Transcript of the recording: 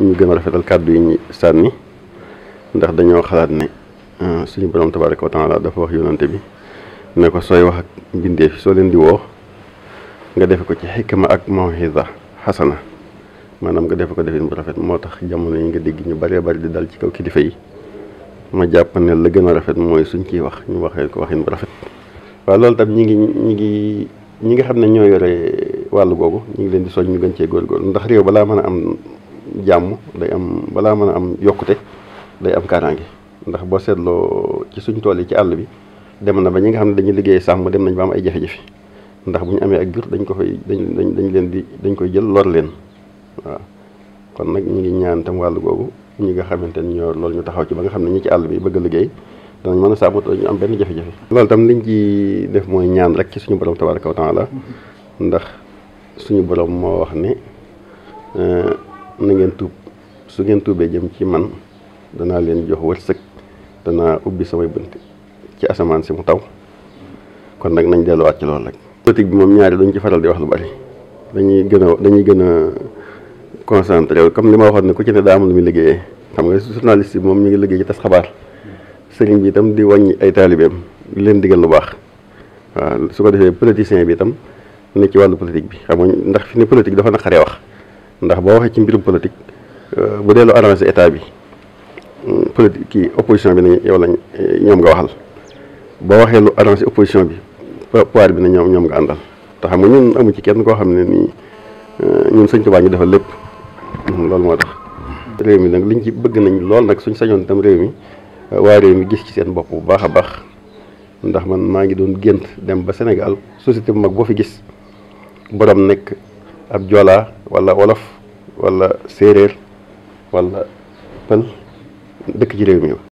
ñu gën a rafetal kàddu yi ñu sànni ndax dañoo xalaat ne euh, suñu borom tabaraka wa taala dafa wax yonante bi ne ko sooy wax ak mbindeef soo leen di woo nga defe ko ci xikma ak mawxiza xasana maanaam nga defe ko defin bu rafet moo tax jamono yi nga digg ñu bëree bëri di dal ci kaw kilifa yi ma jàpp ne la gën a rafet mooy suñ ciy wax ñu waxee ko waxin bu rafet waa loolu tam ñi ngi ñi ngi ñi nga xam ne ñoo yore wàllu googu ñu ngi leen di soñ ñu gën cee góorgóorlu ndax réew balaa mën a am jam day am bala mën am yokkute day am kaaraange ndax bo seetloo ci suñ tool ci all bi dem na ba ñi nga xam dañuy liggéey sàmm dem nañ ba am ay jafé jafé ndax buñ amé ak jur dañ ko fay dañ dañ leen di dañ koy jël lor leen wa kon nak ñi ngi ñaan tam walu gogu ñi nga xamanteni ñoo loolu ñu taxaw ci ba nga xam ñi ci all bi bëgg a liggéey danañ mën a sàmm ñu am benn jafé jafé loolu tam liñ ci def moy ñaan rek ci suñu borom tabaraka taala ndax suñu borom mo wax ne euh, na ngeen tuub su ngeen tuubee jëm ci man danaa leen jox wërsëg danaa ubbi samay bunt ci asamaan si mu taw kon nag nañ delluwaat ci loolu rek. politique bi moom ñaari dañ ci faral di wax lu bari dañuy gën a dañuy gën a concentré comme li ma waxoon ne ku ci ne daa am muy liggéeyee xam nga journaliste bi moom mi ngi liggéey ci tas xabaar sëriñ bi itam di wàññi ay taalibeem di leen digal lu baax waaw su ko defee politicien bi itam ne ci wàllu politique bi xam nga ndax fi ne politique dafa naqaree wax. ndax bo waxe ci mbirum politique euh bu dee lu arrangé état bi mm, politique ki opposition bi ne yow lañ eh, ñom nga waxal bo waxe lu arrangé opposition bi pouvoir bi ne ñom ñom nga andal tax xam nga ñun amu ci kenn ko xamne ni euh, ñun señ tuba ñu defal lepp mm, lool mo tax réew mi nak liñ ci bëgg nañ lool nak suñ sañon tam réew mi euh, wa réew mi gis ci seen bop bu baaxa baax ndax man ma ngi doon gënt dem ba Sénégal société bu mag bo fi gis borom nek ab jola wala wolof wala séeréer wala pël dëkk ci réew mi la